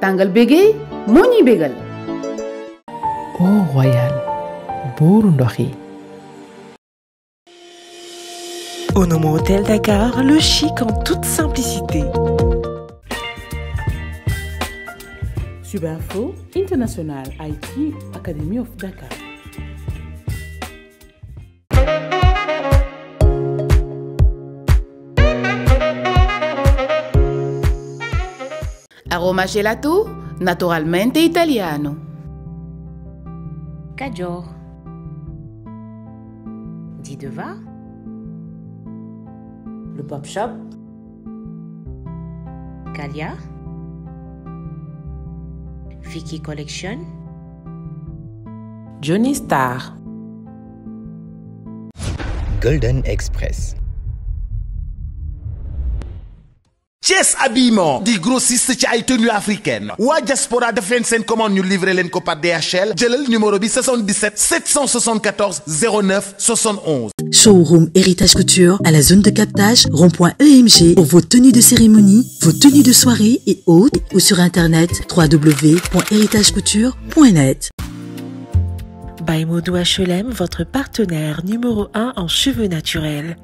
tangal bégee mouni bégal. eau royale Au nom Hôtel Dakar, le chic en toute simplicité. Subinfo International IT Academy of Dakar. Forma gelato naturalmente italiano. Cajor. D2VA Le pop shop. Calia. Vicky Collection. Johnny Star. Golden Express. Thiès habillement des grossistes a tenues africaines à diaspora de comment nous livrer livrer par DHL le numéro 77 774 09 71. Showroom Héritage Couture à la zone de captage rond.emg pour vos tenues de cérémonie, vos tenues de soirée et autres ou sur internet www.héritagecouture.net. By HLM, votre partenaire numéro 1 en cheveux naturels.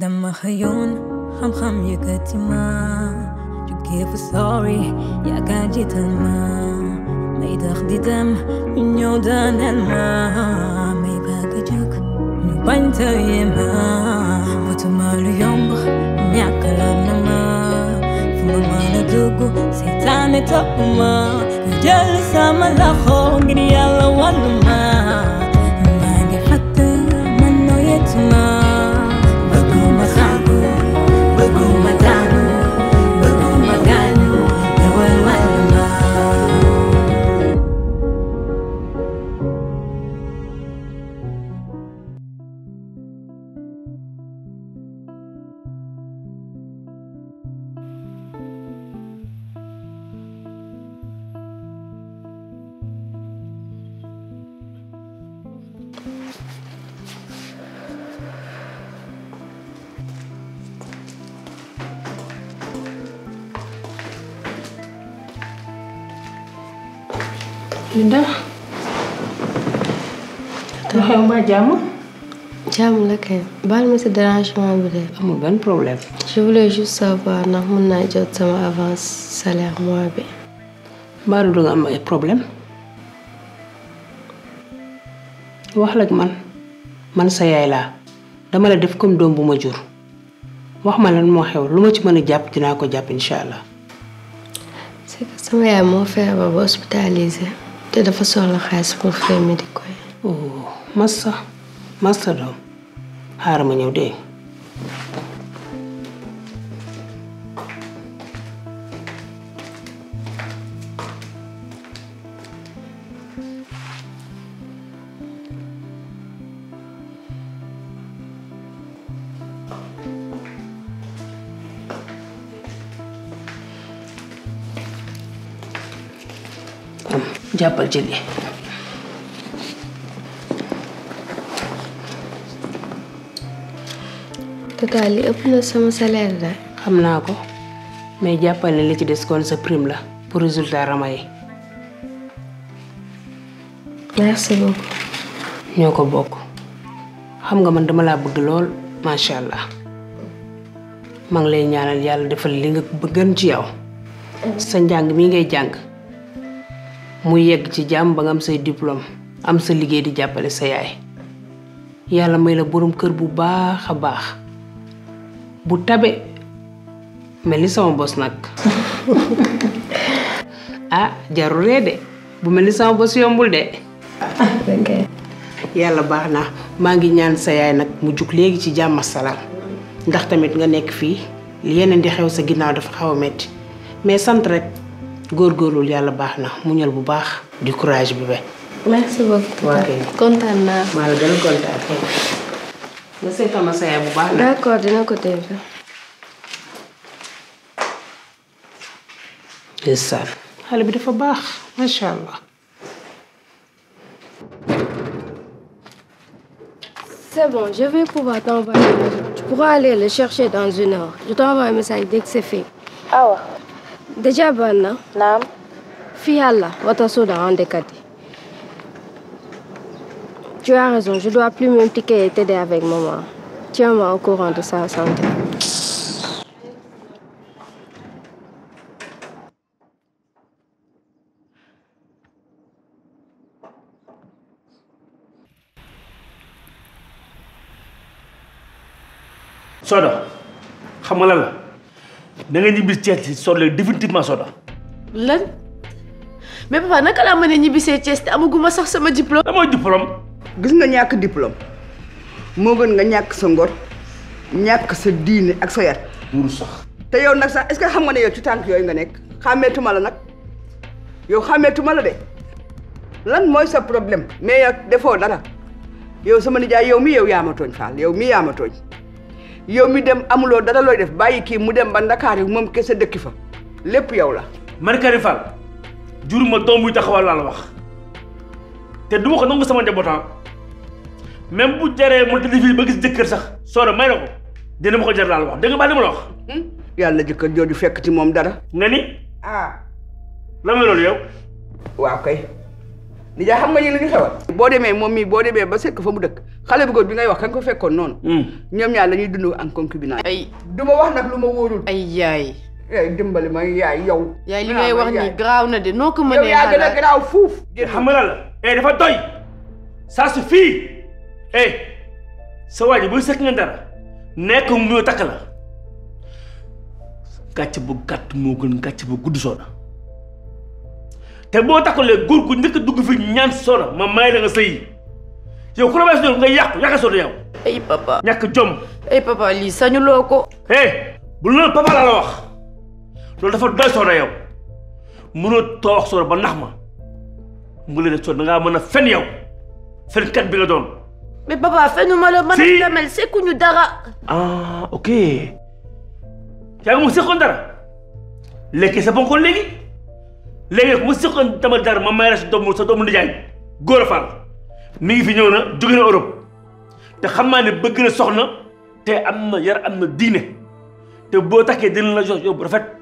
دم خيون خم خم يكتما جو كيف سوري يا كاجي تما ما يتاخدي دم من يودان الما ما يباقي جوك من بانتا يما وتما اليوم يا كلامنا ما فما ما ندوكو سيتاني تقما جلسة ملاخو غريالا والما na jàmm. jàmm la kay baal ma si dérangement bi de. amul benn problème. je voulais juste mun naa jot sama avance salaire mois bi. mbaa du nga am ay problème wax la man man sa yaay laa dama la def comme doom bu ma jur wax ma lan moo xew lu ma ci mën jàpp dinaa ko jàpp incha allah. c'est sama yaay moo feebar ba hospitalisé te dafa soxla xaalis pour frais médicaux yi. Oh. masa massa do xaaral ma ñëw dee jàppal tata li sama salaire de. xam naa ko mais jàppale li ci des kon sa prime la pour résultat rama yi. merci beaucoup. ñoo bokk xam nga man dama bëgg lool allah maa ngi lay ñaanal yàlla defal li nga bëggan ci yow. sa njàng mi ngay jàng mu yegg ci jàmm ba nga am say diplôme am sa liggéey di jàppale sa yaay yàlla may la borom kër bu baax a baax butabe melisa mo bos nak ah jarure de bu melisa mo bos yombul de okay. yalla baxna ma ngi ñaan sa yaay nak mu juk legi gitu ci jamm salam ndax tamit nga nek fi li yeneen di xew sa ginaaw dafa xaw metti mais sant rek gor gorul nah. yalla baxna bu baax du courage bi be merci beaucoup kontan na ma la gën C'est seetal ma sa yaay d'accord je ko C'est ça. xale bi dafa c'est bon je vais pouvoir t'envoyer. tu pourras aller le chercher dans une heure. je t'envoie un message dès que c'est fait. Ah ouais? déjà bonne, non? Hein? Non. fi votre wata en décadé. Tu as raison, je dois plus m'impliquer et t'aider avec maman. Tiens-moi au courant de sa santé. Soda je suis la définitivement Soda. mais papa tu ni diplôme. diplôme. gis nga ñak diplôme mo gën nga ñak sa ngor ñak sa diine ak sa yar wuru sax te yow nak sax est ce que xam nga ne yow ci tank yoy nga nek xametuma la nak yow xametuma la de lan moy sa problème mais yak defo dara yow sama jaay yow mi yow yaa ma yow mi yaa ma yow mi dem amulo dara loy def bayyi ki mu dem ba dakar yi moom kese dëkki fa lepp yow la man kari faal juruma tombuy taxawal la wax te du ma ko nangu sama njabootam ah. même bu jaree mu tëdd fii ba gis jëkkër sax soore may na ko dina ma ko jar laal wax dégg nga baax li ma la wax. Hmm? yàlla fekk ci moom dara. nga ni. ah. lan la loolu yow. waaw kay. li nga xam nga yéen a boo demee moom mii boo demee ba sekk fa mu dëkk xale bu bi ngay wax kan ko fekkoon noonu. Hmm. ñoom ñaar la ñuy dund en concubinage. ay du wax nag lu ma wóorul. ay yaay. yaay dimbali ma yaay yow. yaay li ngay wax nii garaaw na de noo ko mënee. yow yaa gën a fuuf. xam nga la eh dafa doy ça suffit eh sa waa ji buy sëkk nga dara nekk mu ñëw takk la gàcce bu gàtt moo gën gàcce bu gudd soona te boo takkulee góor gu njëkk dugg fi ñaan soona ma may la nga yow ku la may soona nga yàqu yàq soona yow. ay papa ñàkk jom. ay papa lii sañuloo ko. eh bu loolu papa laa wax. لولا دافا دوي سو ريو مونو توخ سو با نخما مولا دي سو نغا مانا فين ياو فين كات بيغا دون مي بابا فينو مالو مانا تامل سي كو نيو دارا اه اوكي تيغ مو سيكون دارا لكي سا بون كون ليغي ليغي مو سيكون تامل دار ما مايراش دوم سا دوم نجاي غورا فال مي في نيونا دوغينا اوروب تا خماني بيغنا سوخنا تي امنا يار امنا دينه تي بو تاكي دين لا جو رفت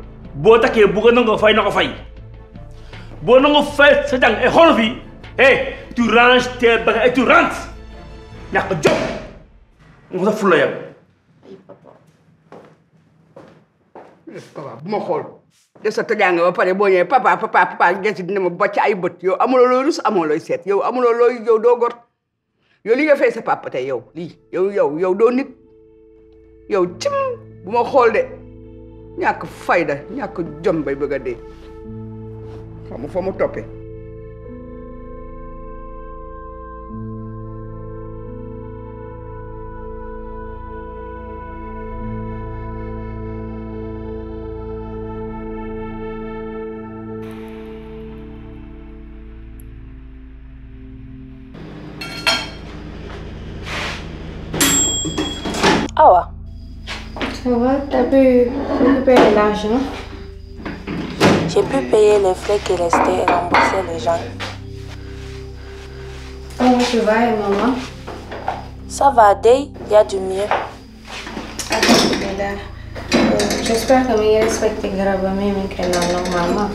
boo takkee bu ko nangoo fay na ko fay boo nangoo fay sa jàng ay xool fii eh tu ranges tes bagages et tu nga sa fulla yow. Eh, papa bu ma xool def sa tojaanga ba pare boo ñëwee papa papa papa gerte dina ma bocc ay bët yow amuloo looy rus amoo looy seet yow amuloo looy yow doo gor yow li nga fay sa papa tey yow lii yow yow yow doo nit yow cim bu ma de. ñàkk fayda ñàkk jom bay bëgg a dee xaw ma foo ma toppee awa. Ça Hein? J'ai pu payer les frais qui restaient et rembourser les gens. Comment tu vas, maman Ça va, Day, il y a du mieux. Attends, euh, J'espère que mi rispetteranno gravement me mentre non normalement.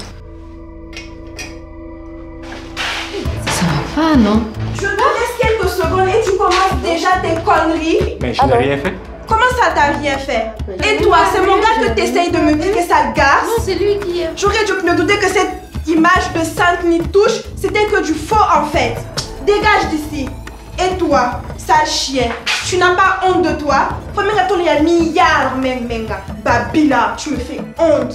Ça va pas, non Je me reste quelques secondes et tu commences déjà tes conneries. Mais je n'ai ah rien fait. Comment ça t'a rien fait Et toi, c'est mon gars que t'essayes de me dire que ça garce Non, c'est lui qui est. J'aurais dû me douter que cette image de Sainte touche, c'était que du faux en fait. Dégage d'ici. Et toi, sale chien, tu n'as pas honte de toi me retourner à milliard, menga. Babila, tu me fais honte.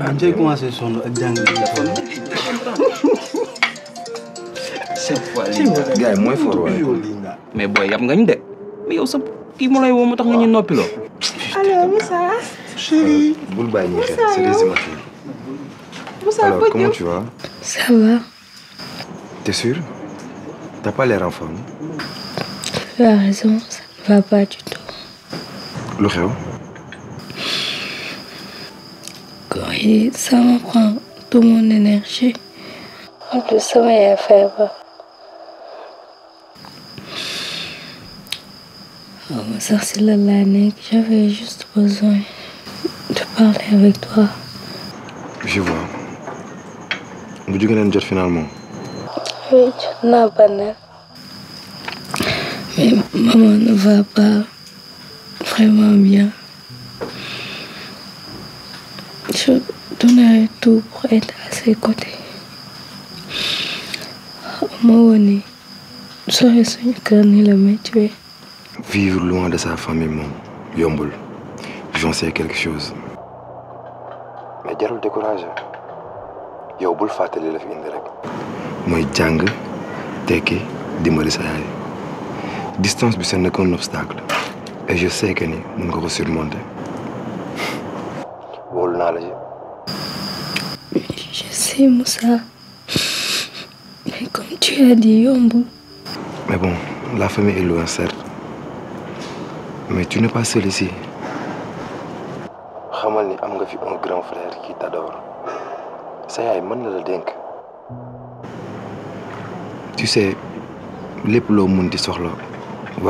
Je vais commencer à ak jàng bi nga C'est gars yi il mais booy de. mais yow sa kii mu lay woo mu tax nga ñu chérie c'est des comment tu vas. ça va. t'es sûr. t'as pas l'air en forme. tu as raison ça ne va pas du tout. Le et ça me prend toute mon énergie. En plus, ça est faible. Ça, c'est la l'année j'avais juste besoin de parler avec toi. Je vois. Vous dites que vous finalement Oui, je n'ai pas Mais maman ne va pas vraiment bien. Je donnerai tout pour être à ses côtés. ne sais pas la tué. Vivre loin de sa famille mon Yomboul, j'en sais quelque chose. mais le découragé Yomboul, bul la pas. Moi, découragé. Je suis sa distance n'est c'est un obstacle et je sais que nous mën surmonter je sais Moussa mais comme tu as dit Yombo. mais bon la famille est loin certes mais tu n'es pas seul ici xamal ni am un grand frère qui t'adore Ça y est, na la dénk tu sais lépp loo mun di ce war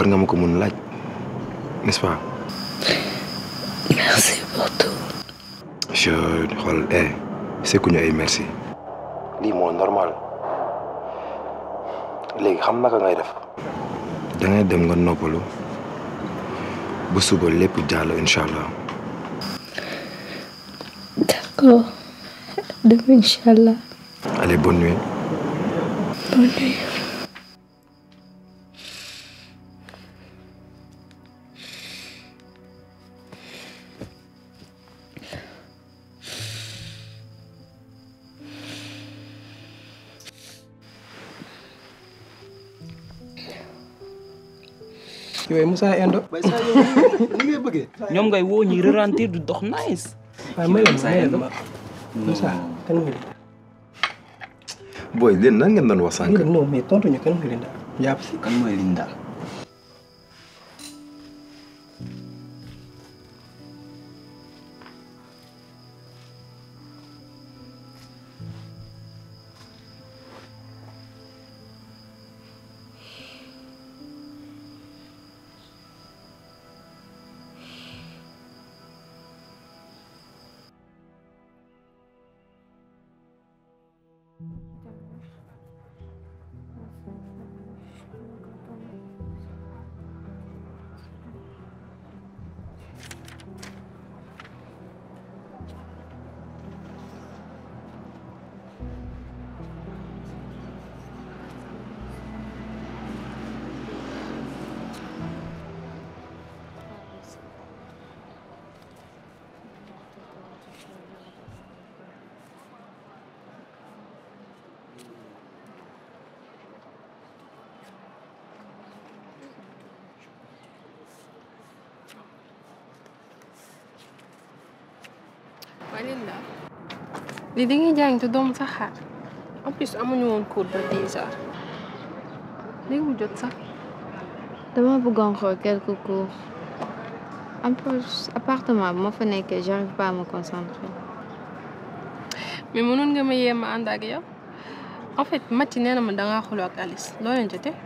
nga ma ko n'est-ce pas merci je xool eh sekkuñu ay merci. lii moo normal léegi xam naka ngay def. da dem nga noppalu bu suba lépp jàll incha allah. d'accord dem incha allah. allez bonne nuit. yooyu musaa Endo. bay saa ñoom ngay woo ñuy ralentir du dox nice. waaw ma leen ma leen ma Moussa kan booy leen nan ngeen doon wax sànq. non mais tontu ñu kan mooy Linda. jàpp si kan mooy Linda. lii dañuy jàng te doomu sax xaar en plus amuñu woon cours de déjà heures léegi mu jot sax dama bëggoon xool quelques cours en plus appartement bi ma fa nekkee arrive pas à me concentrer mais mënoon nga ma yee ma ànd ak yow en fait Mati nee na ma dangaa xuloo ak Alice loo leen jotee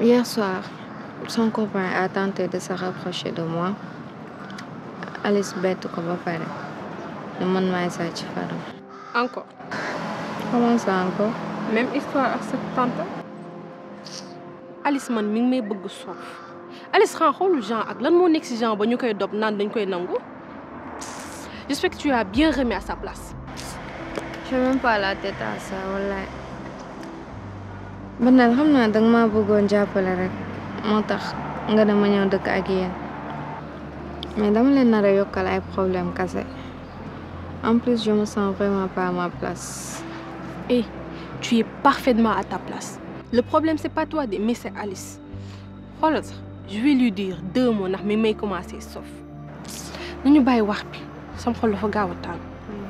hier soir son copain a tenté de se rapprocher de moi Alice bett ko ba pare ne man maay sàcc Fadam. encore. comment ça encore. même histoire avec cette tante. Alice man mi ngi may bëgg soof Alice xanaa xoolu Jean ak lan moo nekk ci Jean ba ñu koy dob naan dañ koy nangu. j'espère que tu as bien remis à sa place. je n'ai même pas la tête à ça wallaay. Banal xam naa danga maa bëggoon jàppale rek moo tax nga dama ñëw dëkk ak yéen mais dama il y a un ay problème kase en plus je me sens vraiment pas à ma place. et eh, tu es parfaitement à ta place le problème c'est pas toi mais c'est Alice je vais lui dire deux mots mais mi may commencer sauf Nous ñu bàyyi wax Sans sama xol dafa gaaw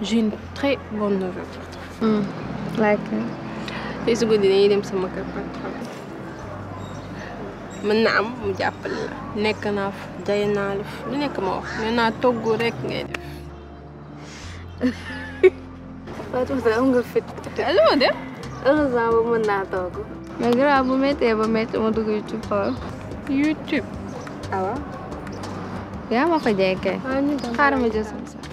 j'ai une très bonne nouvelle. Hmm, like. Euh. tey su guddi dañuy dem sama kër mën na am mu jàppal la nekk naa fa jay naa lu ma wax rek ngay def sa am nga fit lu ma def heureusement ba mën naa togg mais grave bu méttee ba métti ma youtube xool youtube ah awa yaa ma ko jekkee ah, xaaral ma mau sama sax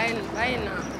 Bye, bye now.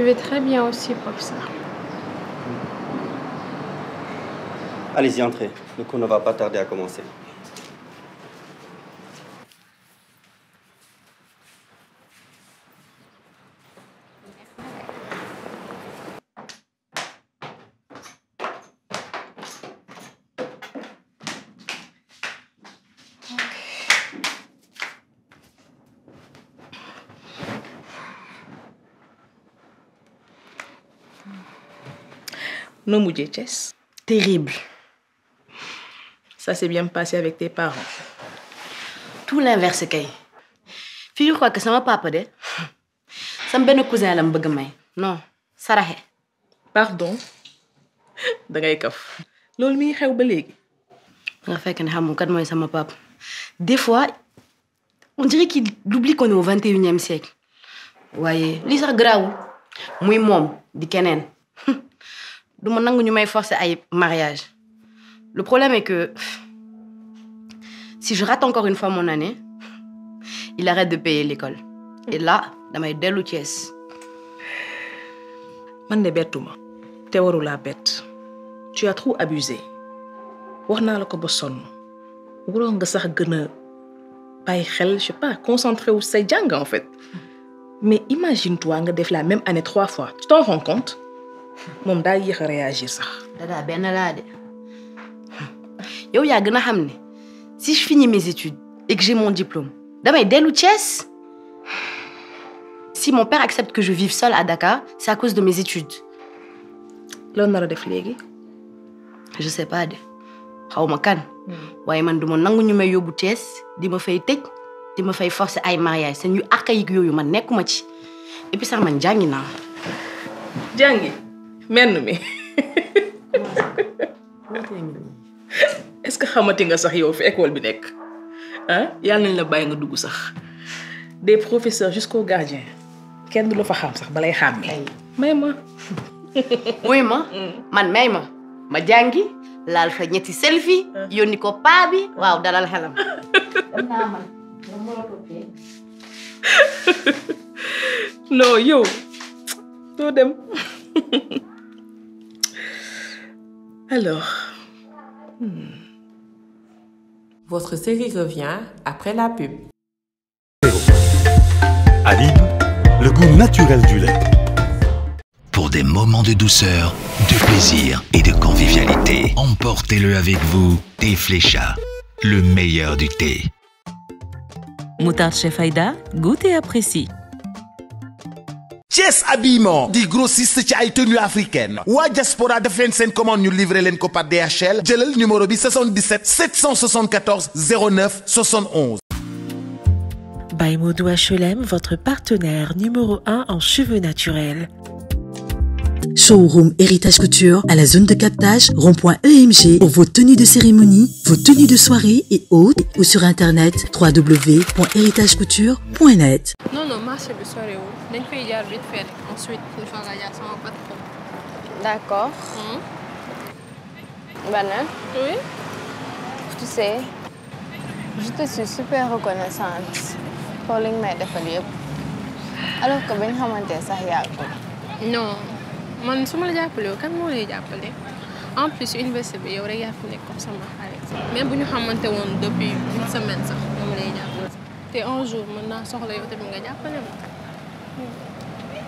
Je vais très bien aussi, professeur. Allez-y, entrez. Le cours ne va pas tarder à commencer. Nos terrible. ça s'est bien passé avec tes parents. tout l'inverse kay. fille crois que pas papa de sama benn cousin la m'bagamay. Non, ça non pardon dangay kaf. loolu mi ngi xew ba léegi. nga fekk ne xamul kat mooy sama papa. des fois on dirait qu'il oublie qu'on est au siècle. e siècle. waaye lii sax garaawul Moi, moom di Kenen du ma nangu ñu may forcer ay mariage le problème est que si je rate encore une fois mon année il arrête de payer l'école et là damay suis Thiès. man de Tu te pas la bête? tu as trop abusé Tu ne la pas ba sax je sais pas concentré ou say en fait mais imagine toi nga fait la même année trois fois tu t'en rends compte mom da yex a réagir sax. dadaa ben la de yow ya gëna a si je finis mes études et que j'ai mon diplôme damay dellu Thiès. Si mon père accepte que je vive seule à Dakar, c'est à cause de mes études. loolu nar a def légui je sais pas de xaw ma kan. waye man duma nangu ñu may yobu Thiès dima fay tëj dima fay forcer ay mariage seen ñu archaïque yooyu man nekkuma ci et puis sax man jangi, na. jangi. menn mi est-ce que xamati nga sax yow fi école bi nekk ah yàlla nañ la bàyyi nga dugg sax des professeurs jusqu'au gardien kenn du la fa xam sax balay xàmme. may ma. wuy ma mm. man may ma ma jàngi laal fa ñetti selfie ah. yónni ko paa bi ah. waaw dalal xelam. non yow doo dem. Alors. Hmm. Votre série revient après la pub. Alib, le goût naturel du lait. Pour des moments de douceur, de plaisir et de convivialité, emportez-le avec vous, Thé Flécha, le meilleur du thé. Moutarde Chef Aïda, goûte et apprécie. Thiès habillement di grossiste ci tenues africaines à diaspora def leen seen commande nous livrer leen ko par DHL numéro 77 774 09 71. By HLM votre partenaire numéro 1 en cheveux naturels. Showroom Héritage Couture à la zone de captage rond.emg pour vos tenues de cérémonie, vos tenues de soirée et autres ou sur internet www.heritagecouture.net. Non non marché et Soirée dañ fay jaar vite fait rek ensuite pour changer sama passeport. d'accord. Hmm? Bana. Hein? oui. tu sais je te suis super reconnaissante pour li nga may defal yëpp alors que bañ xamante sax ko. non man su ma la jàppalee kan moo lay jàppale en plus université bi yow rek yaa fi nekk comme sama xarit. même bu ñu xamante woon depuis une semaine sax dama lay jàppale. te un jour mën naa soxla yow tamit nga jàppale ma.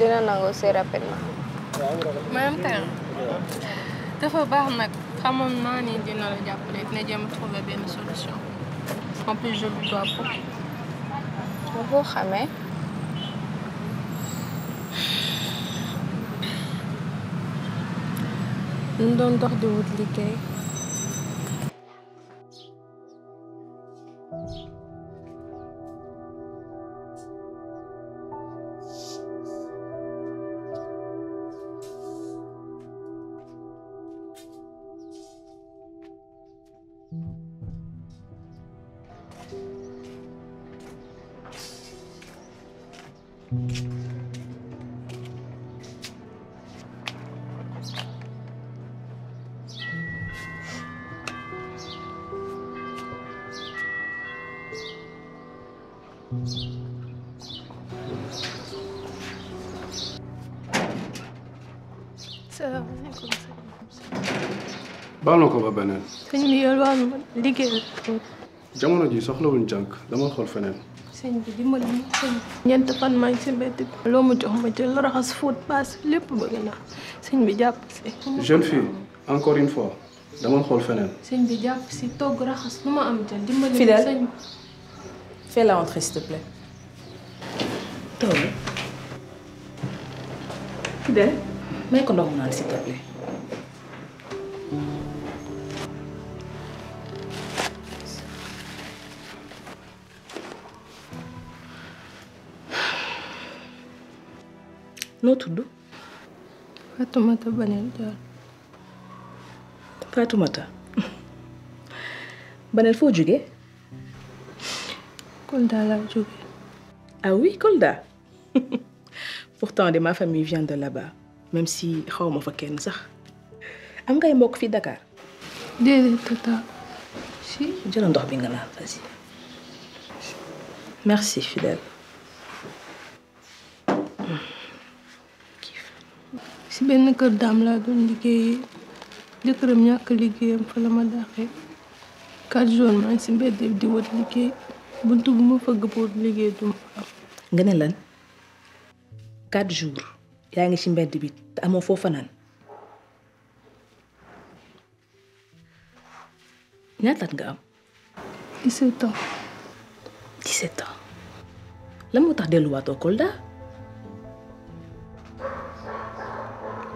dina la see je maanaam Kara dafa Je bien ni dina la trouver solution en plus je le dois beaucoup. Je xamee. ñu di wut liggéeyal. jamono ji soxlawuñ jànk dama xool feneen. sëñ bi dimbali ma sëñ bi. ñeent fan maa ngi si mbedd bi. loo ma jox ma jël raxas fóot paas lépp bëgg naa sëñ bi jàpp si. jeune fille encore une fois dama xool feneen. sëñ bi jàpp si togg raxas lu ma am jël dimbali. Fidèle sëñ bi fais la rentrée s'il te plaît. toog Fidèle may ko ndox mu naan s'il te plaît. noo tudd. Fatoumata Banel Diallo. Fatoumata Banel foo jógee. Kolda laa jógee. ah oui Kolda pourtant de ma famille vient de là-bas même si xaw ma fa kenn sax am ngay mbokk fii Dakar. déedéet tata. si Je ndox bi nga naan vas-y. merci Fidèle. benn kër daam laa doon liggéeyee jëkkëram ñak liggéeyam fa la ma daxé quatre jours ma ci si di wër liggéey buntu bu ma fëgg pour liggéey du am. nga ne lan quatre jours yaa ngi ci mbedd bi te amoo foo fanaan ñaata at nga am. 17 ans. 17 ans lan moo tax delluwaatoo Kolda.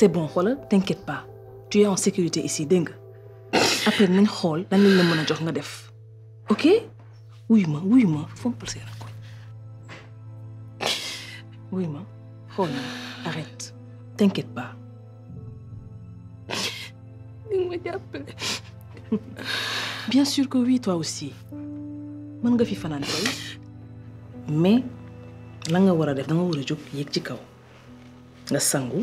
c'est bon xoolal t'inquiète pas tu es en sécurité ici Dingue. après nañ xool lan la mën a jox nga def ok oui ma oui, ma fompal à quoi. Oui ma xool arrête t'inquiète pas. Bien sûr que oui, toi aussi. mën nga fi fanaan tey mais la nga war a def da nga war a jóg yéeg ci kaw nga sangu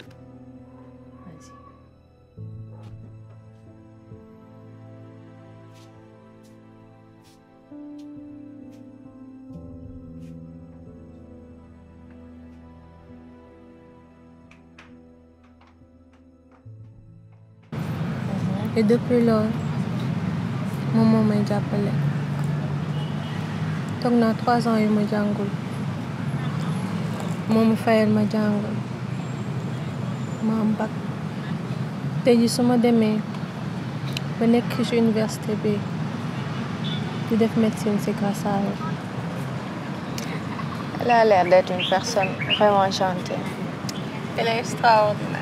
Et depuis lors, maman m'a déjà appelé. Donc trois ans il ma train Mon ma je ma en bac de ji ma je ba ci université B. di def médecine c'est elle. Elle a l'air d'être une personne vraiment gentille. Elle est extraordinaire.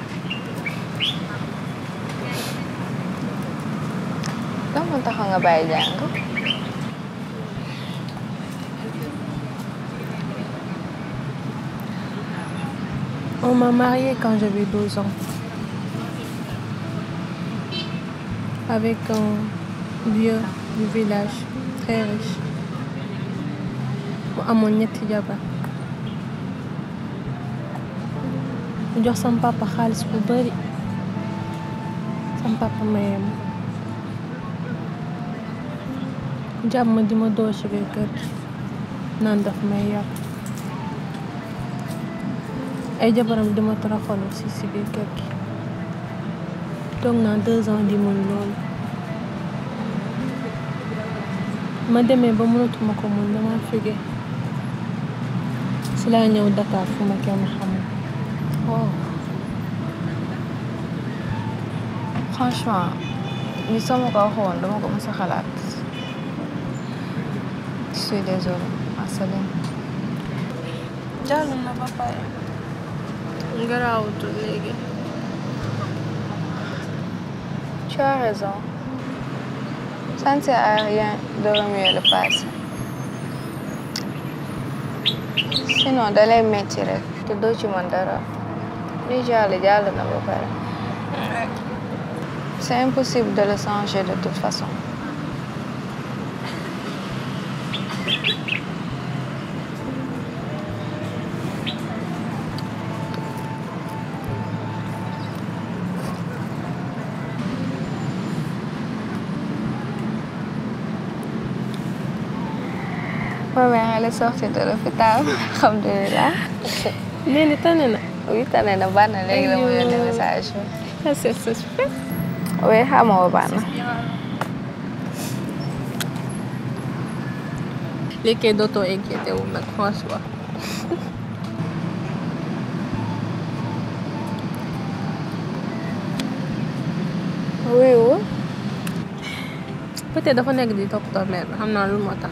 Gamon't ako nga bayad ko. On m'a mariée quand j'avais 12 ans. Avec un vieux du village, très riche. À mon ñetti jabar. jox sama papa xaalis bu bari sama papa mayam jàmm ji ma doo ci biir naan daf may yàq ay jabaram di ma toroxal si si biir kër gi toog ans di mën ma demee ba mënatuma ko mën dama fige si laa ñëw Dakar fu ma kenn xamul waaw oh. franchement ni sama ko waxoon dama ko mës a xalaat suis désolée. Assalam. Ah, Jalo na papa. Garawd léegi. Tu as raison. Ça ne sert à rien de remuer le passé. Sinon da les tu dois te doo ci ne dara. pas C'est impossible de le changer de toute façon. la sortez de l'hôpital de nee na tane na. oui tane na baax na un message bi. ça c'est super. oui xamoo baax na. et dootoo inquiété wu nag franchement. oui peut-être dafa nekk di toppatoo mais, bi xam tax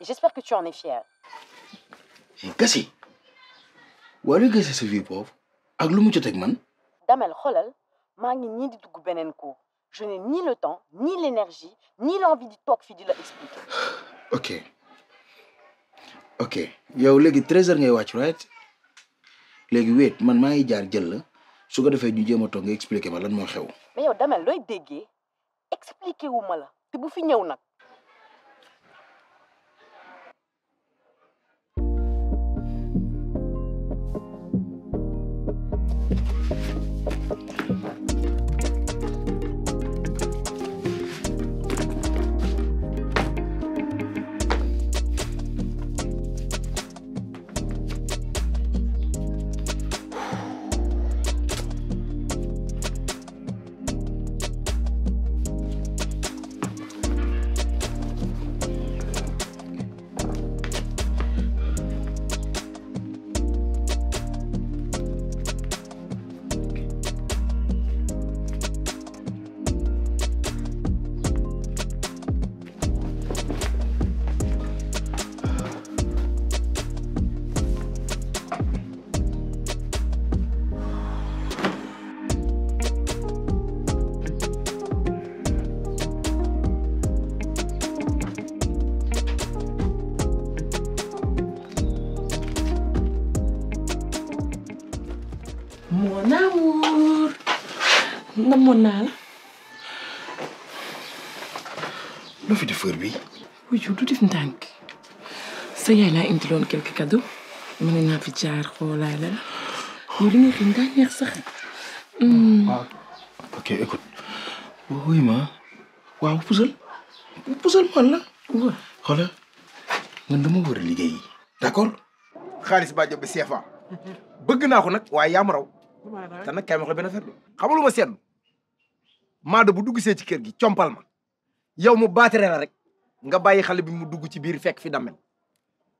j'espère que tu en es fier. Kassi eh, waa luy gëstu sa vie boobu ak lu mu jot ak man. Damel xoolal maa ngi nii di dugg beneen cours je n'ai ni le temps ni l'énergie ni l'envie di toog fii di la expliquer. ok ok yow léegi treize heures ngay wàcc right léegi wéet man maa ngi jaar jël la su ko defee ñu jéem a toog nga expliquer ma lan moo xew. mais yow Damel looy déggee expliquer wu ma la te bu fi ñëw nag. namoon naa la. lu fi def heure bi wuyu du def ndànk. sa yaay laa indiloon quelques cadeaux. mën naa fi jaar xoolaay la la. yow li nga xam daa neex sax. Hmm. Ah, ah, ok écoute. wuyu ma waaw puusal. puusal man la. waaw xoolal man dama war liggéey. d'accord. xaalis baa jëm bi CFA. bëgg naa ko nag waaye yaa raw. te nag kay ma wax la benn affaire bi. maado bu dugg see ci kër gi ciompal ma yow mu batéré la rek nga bayyi xalé bi mu dugg ci biir fekk fi damel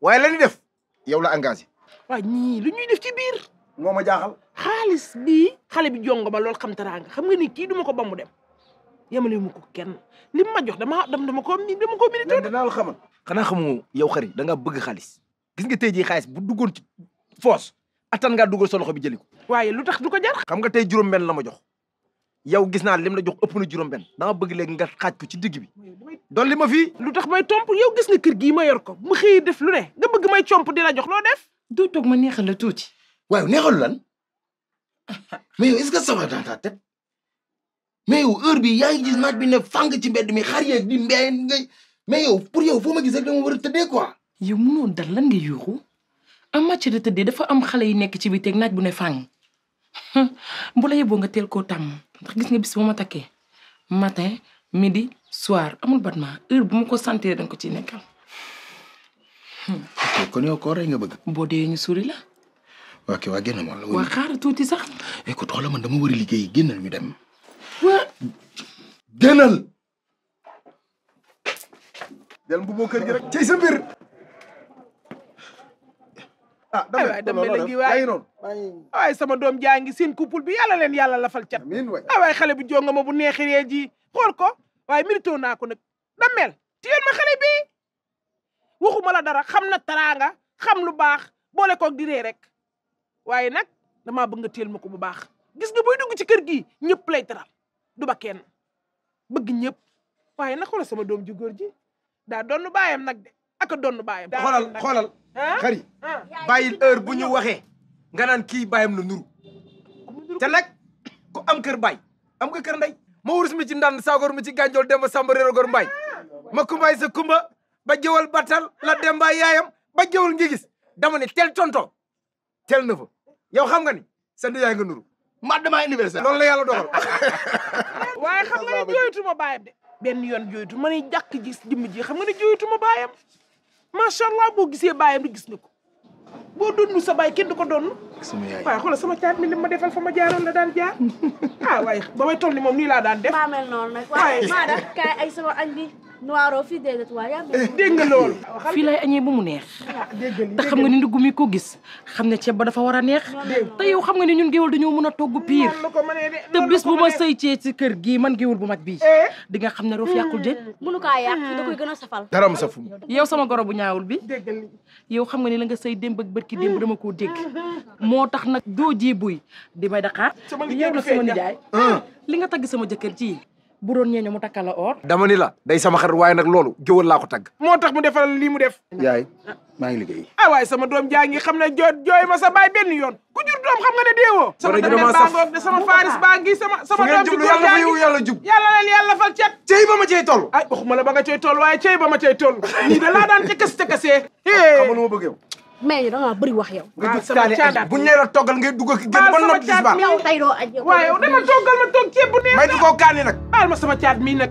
waye lañu def yow la engagé. wa ñii lu ñuy def ci biir. moma jaaxal. xaalis bi xalé bi jongoma lool xam nga xam nga ni ki duma ko bamu dem yamale mu ko kenn lim ma jox dama dam dama ko dama ko milité. dana la xamal. xana xamu yow xari da nga bëgg xaalis gis nga tay ji xaalis bu duggon ci foos attan nga duggal sa loxo bi jëli ko. waaye lu jar. xam nga tay juroom ben lama jox. yow gis naa lim la jox ëpp na juróom-benn dama bëgg léegi nga xaaj ko ci digg bi doon li ma fi lu tax may tomp yow gis nga kër gii ma yor ko mu xëy def lu ne nga bëgg may comp di la jox loo def. doo toog ma neexal la tuuti. waaw neexalu lan mais yow est-ce que ça va mais yow bi yaa gis naaj bi ne fàng ci mbedd mi xar yeeg di mbéy ngay mais yow pour yow foo ma gis rek dama war a ko quoi. yow mënoo dal lan nga yuuxu en matière de dafa am xale yi nekk ci bi teg naaj bu ne fàng. bu la yeboo nga teel koo tàmm ndax gis nga bis ba ma takkee matin midi soir amul battement heure bu ma ko santé danga ko ciy nekkal. Hmm. ok kon yow bëgg. boo dee ñu suri la. waa kii waa génn moom la. waa xaar tuuti sax. écoute xoolal man dama war a liggéey génnal ñu dem. waa génnal. del bu boo ah dama léegi waay waay sama doom jaa ngi seen couple bi yàlla leen yàlla lafal cat ah waay xale bu jonga ma bu neexiree bi waxuma la dara xam na taraanga xam lu baax boole koog di gis nga boy dugg ci lay taral du ba kenn bëgg ñëpp waaye sama doom ju Dah ji daa doon de ak a doon baayam xoolal xari bàyyil heure bu ñu waxee nga naan kii bàyyam la nuru te nag ku am kër baay am nga kër ndey ma wurus mi ci ndànd saagor mi ci gànjool demba samba gor mbaay ma kumbaay sa kumba ba jëwal battal la demba yaayam ba jëwal ngi gis dama ne tel tonto tel na fa yow xam nga ni sa ndiyaay nga nuru ma dama anniversaire loolu la yàlla dogal waaye xam nga ne jooytuma baayam de benn yoon jooytu ma ne jàkk ji jëmm ji xam nga ne jooytuma baayam macha allah boo gisee baayam rek gis na ko boo doonul sa baay kenn du ko doon. sama yaay waaw xoolal sama caat mi li ma defal fa ma jaaroon la daan jaar ah waaye ba may toll ni moom nii laa daan def. maa mel noonu nag waaye maa daan kaay ay sama añ bi noiro fii déedéet waaye yaa mel. dégg nga loolu. fii lay añee ba mu neex. te ah, xam nga ni ndugg mi ko gis xam ne ceeb ba dafa war a neex. te yow xam nga ni ñun géwél dañoo mën a togg te bis bu ma sëy cee ci kër gii man géwél bu mag bii eh? di nga xam ne roof yàqul jën. Hmm. munu kaa yàq da koy gën safal. dara mu safu yow sama goro bu ñaawul bi yow xam nga ni la nga sëy démb ak bërki démb hmm. dama koo dégg hmm motax nak do doo di may daqaar yow sama nijaay ah. li nga tag sama jëkkeer ci bu doon ñeñu mu takala or dama ni la day sama xarit way nak lolu géwal la ko tag motax mu defal li mu def yaay ma ngi liggey ay ah, way sama doom jaangi xamna joy joy ma sa bay benn yoon ku jur doom xam nga ne deewoo sama dane baangoog de sama faris baa sama sama doom ci yalla jaa ngi yalla jub yalla len yalla fal cet cey ba ma cey toll ay waxuma la ba nga cey toll way cey ba ma cey toll ni da laa daan cekkas cekkasee ah, xamal ma bëgg mais yow da bëri wax yow. waaw sama caadaat bu ñu nee la toggal ngay dugg ak génn ba noppi. waaw sama caadaat mi yow bu neex. may du nag. baal ma sama caat mii nag.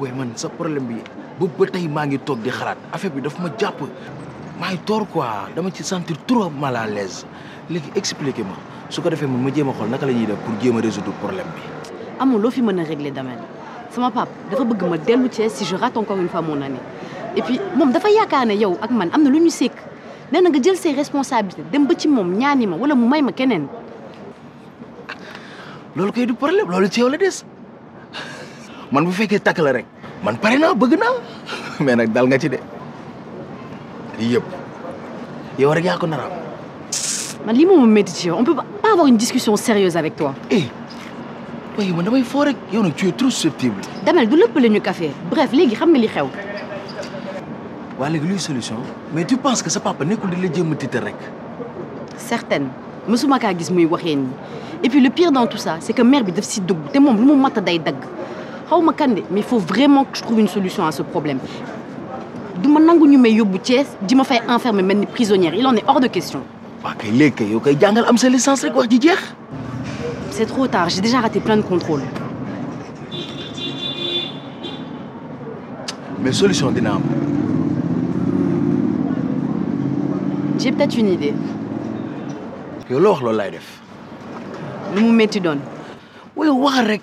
waaye man sa problème bi ba ba tey maa ngi toog di xalaat affaire bi dafa ma jàpp maa ngi toor quoi dama ci sentir trop mal à l'aise léegi expliqué ma su ko defee man ma jéem a xool naka la ñuy def pour jéem a résoudre problème loo fi mën a régler damel sama pap dafa bëgg ma dellu Thiès si je rate encore une fois mon année et moom dafa yaakaar ne yow ak man am na lu ñu sekk nee na nga jël see responsabilités dem ba ci moom ñaani ma wala mu may ma keneen. Ah, loolu kay du problème loolu ci yow des. man bu fekkee takk la rek man pare naa bëgg naa mais nag dal nga ci de yëpp yow rek yaa ko naraam. man lii moom métti ci yow on peut pas avoir une discussion sérieuse avec toi. eh waaye man damay foo rek yow nag tu es trop susceptible. damel du lépp la ñu café bref léegi xam nga li xew. waa léegi luy solution mais tu penses que sa papa nekkul di la jéem a tiital rek. certaine mësuma kaa gis muy waxee nii et puis le pire dans tout ça c'est que mère bi daf si dugg te moom lu mu mat a day dagg xawma kan de mais il faut vraiment que je trouve une solution à ce problème duma nangu ñu may yóbbu Thiès di ma fay enfermer mel prisonnière il en est hors de question. waaw ah, kay léegi kay yow kay jàngal am sa licence rek wax ji jeex. c'est trop tard j'ai déjà raté plein de contrôles. mais solution dina am. j'ai peut-être une idée. yow loo wax loolu laay def. lu mu métti doon. waaye wax rek.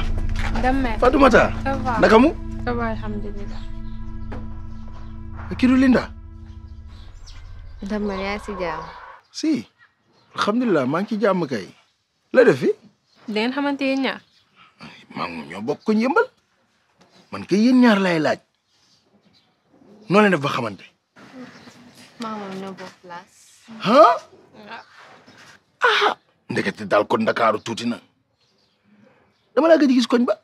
mère Fatoumata. ça va mu. ça va alhamdulilah. kii du Linda. dama yaa si jàmm. si alhamdulilah maa ngi ci jàmm kay. la def fi. dangeen xamante yéen ñaar. maa ngi ñoo bokk ko yëmbal man kay yéen ñaar lay laaj noo leen def ba xamante. maa ngi ñoo bokk place. ah. ah. ndekete daal kon Ndakaaru tuuti na dama laa gëj koñ ba.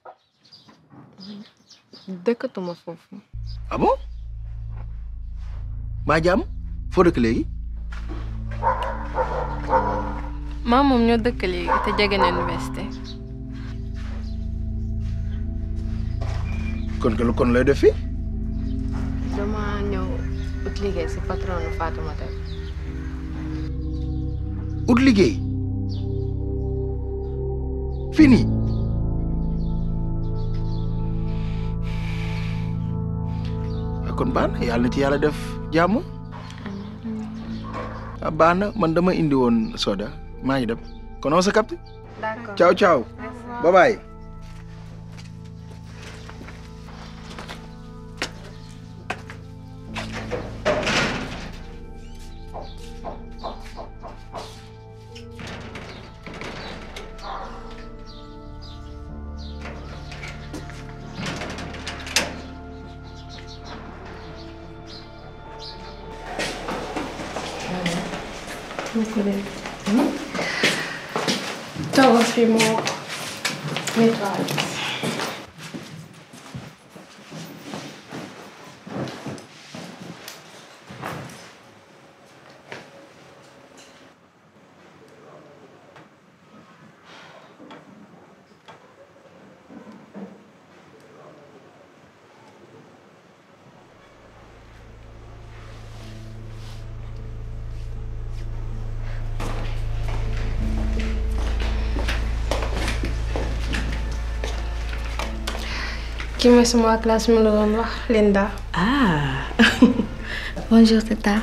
dekat rumah ah bon mbaa jàmm foo dëkk léegi. maa moom ñoo dëkk léegi te jege na université. kon lu kon lay def fi dama ut liggéey si patron nu Fatoumata. ut liggéey kon baax na yàlla na ci yàlla def jàmm ah, baax na man dama indi woon soda maa ngi dem kon on se capte. d'accord ciao kii mooy ma classe mu la Linda. ah. bonjour Tata.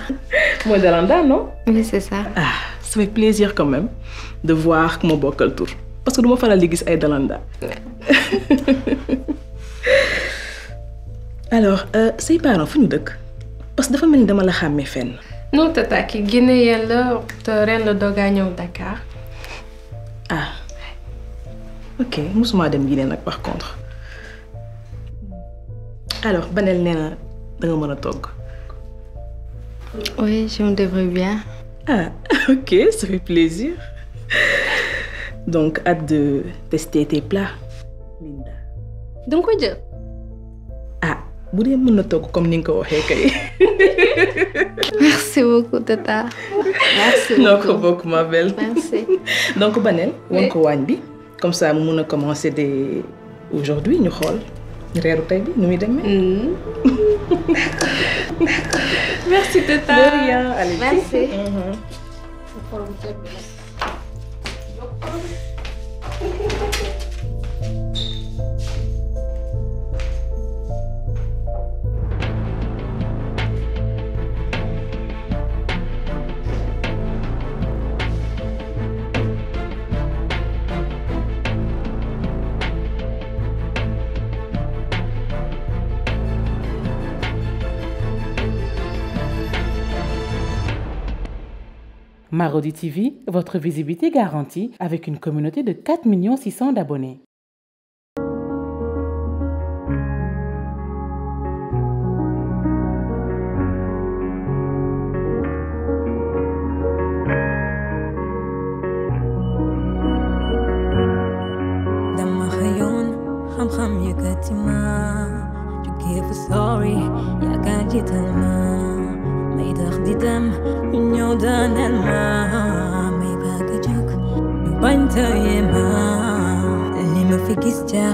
mooy Linda non. oui c'est ça. ah ça fait plaisir quand même de voir mon beau bokkal parce que du ma faral la gis ay Dalanda. alors pas euh, parents fu ñu deux, parce que dafa mel ni dama la xàmmee fenn. non Tata ki Guinéen la te ren la doog a ñëw Dakar. ah ok musuma dem Guinée nag par contre alors Banel nee da nga oui je me devrais bien. ah ok ça fait plaisir donc hâte de tester tes plats Linda. donc nga ko ah vous voulez mën comme ni nga merci beaucoup Tata. merci beaucoup ma belle. merci donc Banel. que ko comme ça mu commencer aujourd'hui reeru tey bi nu muy demee. Mm. merci Tata. de Marodi TV, votre visibilité garantie avec une communauté de 4 600 d'abonnés.